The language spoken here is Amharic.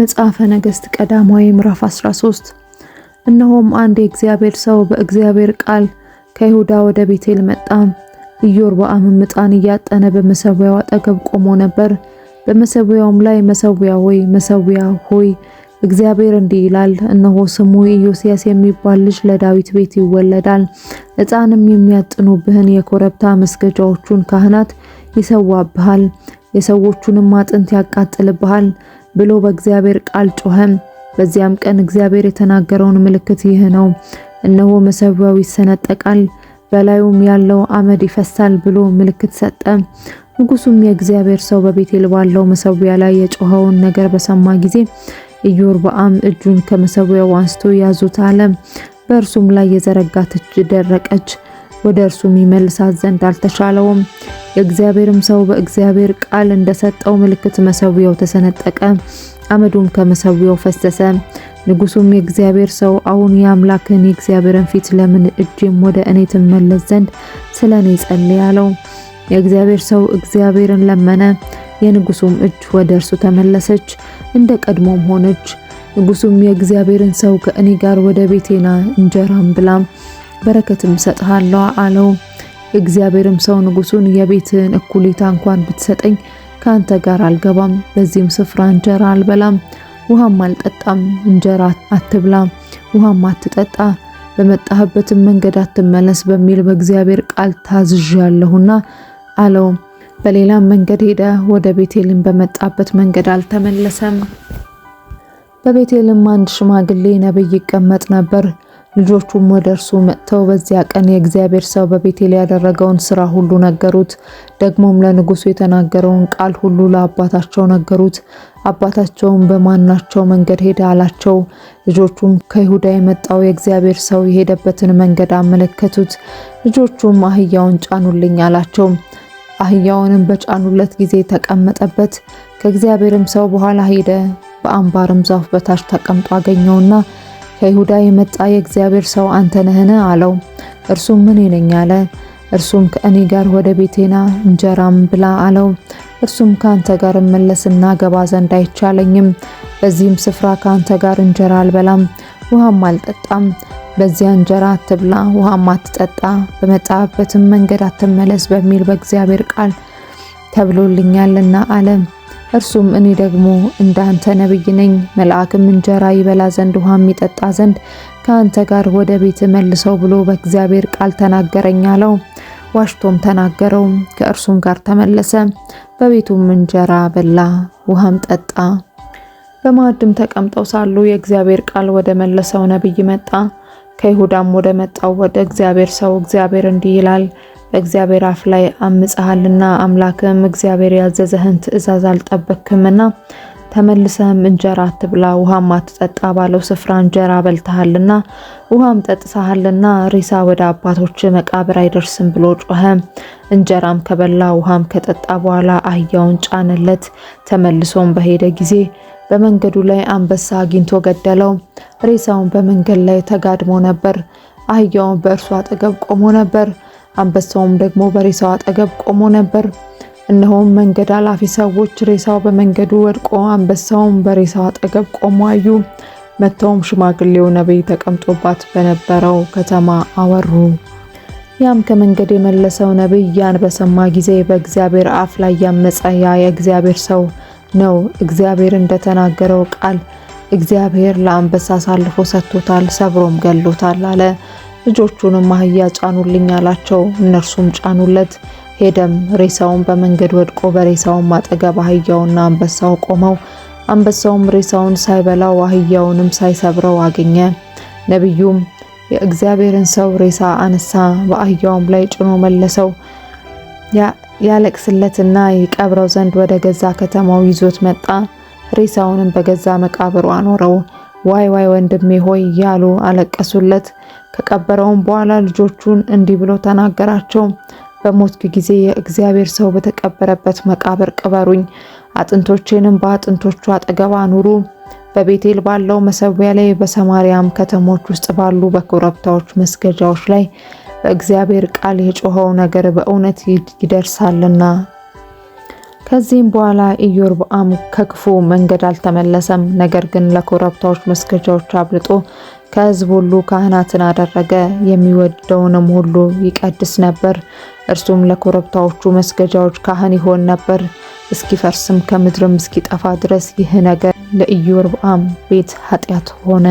መጽሐፈ ነገሥት ቀዳማዊ ምዕራፍ 13 እነሆም አንድ የእግዚአብሔር ሰው በእግዚአብሔር ቃል ከይሁዳ ወደ ቤቴል መጣ። ኢዮርብዓምም ዕጣን እያጠነ በመሰዊያው አጠገብ ቆሞ ነበር። በመሰዊያውም ላይ መሰዊያ ሆይ መሰዊያ ሆይ እግዚአብሔር እንዲህ ይላል፣ እነሆ ስሙ ኢዮስያስ የሚባል ልጅ ለዳዊት ቤት ይወለዳል። ዕጣንም የሚያጥኑብህን የኮረብታ መስገጃዎቹን ካህናት ይሰዋብሃል፣ የሰዎቹንም አጥንት ያቃጥልብሃል። ብሎ በእግዚአብሔር ቃል ጮኸም። በዚያም ቀን እግዚአብሔር የተናገረውን ምልክት ይህ ነው፣ እነሆ መሰዊያው ይሰነጠቃል፣ በላዩም ያለው አመድ ይፈሳል ብሎ ምልክት ሰጠ። ንጉሱም የእግዚአብሔር ሰው በቤቴል ባለው መሰዊያ ላይ የጮኸውን ነገር በሰማ ጊዜ ኢዮርብዓም እጁን ከመሰዊያው አንስቶ ያዙት አለ። በእርሱም ላይ የዘረጋት እጅ ደረቀች። ወደ እርሱም ይመልሳት ዘንድ አልተሻለውም የእግዚአብሔርም ሰው በእግዚአብሔር ቃል እንደሰጠው ምልክት መሰዊያው ተሰነጠቀ፣ አመዱም ከመሰዊያው ፈሰሰ። ንጉሱም የእግዚአብሔር ሰው አሁን የአምላክን የእግዚአብሔርን ፊት ለምን እጅም ወደ እኔ ትመለስ ዘንድ ስለ እኔ ጸልይ አለው። የእግዚአብሔር ሰው እግዚአብሔርን ለመነ፣ የንጉሱም እጅ ወደ እርሱ ተመለሰች፣ እንደ ቀድሞም ሆነች። ንጉሱም የእግዚአብሔርን ሰው ከእኔ ጋር ወደ ቤቴና እንጀራም ብላም በረከትም ሰጥሃለሁ አለው። እግዚአብሔርም ሰው ንጉሱን የቤትህን እኩሌታ እንኳን ብትሰጠኝ ከአንተ ጋር አልገባም፣ በዚህም ስፍራ እንጀራ አልበላም፣ ውሃም አልጠጣም። እንጀራ አትብላ፣ ውሃም አትጠጣ፣ በመጣህበትም መንገድ አትመለስ በሚል በእግዚአብሔር ቃል ታዝዣለሁና አለው። በሌላም መንገድ ሄደ፣ ወደ ቤቴልም በመጣበት መንገድ አልተመለሰም። በቤቴልም አንድ ሽማግሌ ነቢይ ይቀመጥ ነበር። ልጆቹም ወደ እርሱ መጥተው በዚያ ቀን የእግዚአብሔር ሰው በቤቴል ያደረገውን ስራ ሁሉ ነገሩት። ደግሞም ለንጉሱ የተናገረውን ቃል ሁሉ ለአባታቸው ነገሩት። አባታቸውም በማናቸው መንገድ ሄደ አላቸው። ልጆቹም ከይሁዳ የመጣው የእግዚአብሔር ሰው የሄደበትን መንገድ አመለከቱት። ልጆቹም አህያውን ጫኑልኝ አላቸው። አህያውንም በጫኑለት ጊዜ ተቀመጠበት። ከእግዚአብሔርም ሰው በኋላ ሄደ። በአምባርም ዛፍ በታች ተቀምጦ አገኘውና ከይሁዳ የመጣ የእግዚአብሔር ሰው አንተ ነህን? አለው። እርሱም ምን ይነኝ? አለ። እርሱም ከእኔ ጋር ወደ ቤቴና እንጀራም ብላ አለው። እርሱም ከአንተ ጋር እመለስና ገባ ዘንድ አይቻለኝም፣ በዚህም ስፍራ ከአንተ ጋር እንጀራ አልበላም፣ ውሃም አልጠጣም። በዚያ እንጀራ አትብላ፣ ውሃም አትጠጣ፣ በመጣበትም መንገድ አትመለስ በሚል በእግዚአብሔር ቃል ተብሎልኛልና አለ። እርሱም እኔ ደግሞ እንዳንተ ነብይ ነኝ፣ መልአክም እንጀራ ይበላ ዘንድ ውሃም ይጠጣ ዘንድ ከአንተ ጋር ወደ ቤት መልሰው ብሎ በእግዚአብሔር ቃል ተናገረኝ አለው። ዋሽቶም ተናገረው፣ ከእርሱም ጋር ተመለሰ። በቤቱም እንጀራ በላ፣ ውሃም ጠጣ። በማዕድም ተቀምጠው ሳሉ የእግዚአብሔር ቃል ወደ መለሰው ነብይ መጣ። ከይሁዳም ወደ መጣው ወደ እግዚአብሔር ሰው እግዚአብሔር እንዲህ ይላል እግዚአብሔር አፍ ላይ አምፀሃልና አምላክም እግዚአብሔር ያዘዘህን ትእዛዝ አልጠበክምና ተመልሰም እንጀራ አትብላ ውሃም አትጠጣ ባለው ስፍራ እንጀራ በልተሃልና ውሃም ጠጥተሃልና ሬሳ ወደ አባቶች መቃብር አይደርስም ብሎ ጮኸ። እንጀራም ከበላ ውሃም ከጠጣ በኋላ አህያውን ጫነለት። ተመልሶም በሄደ ጊዜ በመንገዱ ላይ አንበሳ አግኝቶ ገደለው። ሬሳውን በመንገድ ላይ ተጋድሞ ነበር። አህያውን በእርሱ አጠገብ ቆሞ ነበር። አንበሳውም ደግሞ በሬሳው አጠገብ ቆሞ ነበር። እነሆም መንገድ አላፊ ሰዎች ሬሳው በመንገዱ ወድቆ አንበሳውም በሬሳው አጠገብ ቆሞ አዩ። መጥተውም ሽማግሌው ነቢይ ተቀምጦባት በነበረው ከተማ አወሩ። ያም ከመንገድ የመለሰው ነቢይ ያን በሰማ ጊዜ በእግዚአብሔር አፍ ላይ ያመፀ ያ የእግዚአብሔር ሰው ነው። እግዚአብሔር እንደተናገረው ቃል እግዚአብሔር ለአንበሳ አሳልፎ ሰጥቶታል፣ ሰብሮም ገሎታል አለ። ልጆቹንም አህያ ጫኑልኝ አላቸው። እነርሱም ጫኑለት። ሄደም ሬሳውን በመንገድ ወድቆ በሬሳውም አጠገብ አህያውና አንበሳው ቆመው፣ አንበሳውም ሬሳውን ሳይበላው አህያውንም ሳይሰብረው አገኘ። ነቢዩም የእግዚአብሔርን ሰው ሬሳ አነሳ፣ በአህያውም ላይ ጭኖ መለሰው። ያለቅስለትና ይቀብረው ዘንድ ወደ ገዛ ከተማው ይዞት መጣ። ሬሳውንም በገዛ መቃብሩ አኖረው። ዋይ ዋይ ወንድሜ ሆይ እያሉ አለቀሱለት። ከቀበረውም በኋላ ልጆቹን እንዲህ ብሎ ተናገራቸው። በሞትክ ጊዜ የእግዚአብሔር ሰው በተቀበረበት መቃብር ቅበሩኝ፣ አጥንቶቼንም በአጥንቶቹ አጠገብ አኑሩ፣ በቤቴል ባለው መሰዊያ ላይ፣ በሰማርያም ከተሞች ውስጥ ባሉ በኮረብታዎች መስገጃዎች ላይ በእግዚአብሔር ቃል የጮኸው ነገር በእውነት ይደርሳልና። ከዚህም በኋላ ኢዮርብዓም ከክፉ መንገድ አልተመለሰም፣ ነገር ግን ለኮረብታዎች መስገጃዎች አብልጦ ከህዝብ ሁሉ ካህናትን አደረገ፣ የሚወደውንም ሁሉ ይቀድስ ነበር። እርሱም ለኮረብታዎቹ መስገጃዎች ካህን ይሆን ነበር። እስኪፈርስም ከምድርም እስኪጠፋ ድረስ ይህ ነገር ለኢዮርብዓም ቤት ኃጢአት ሆነ።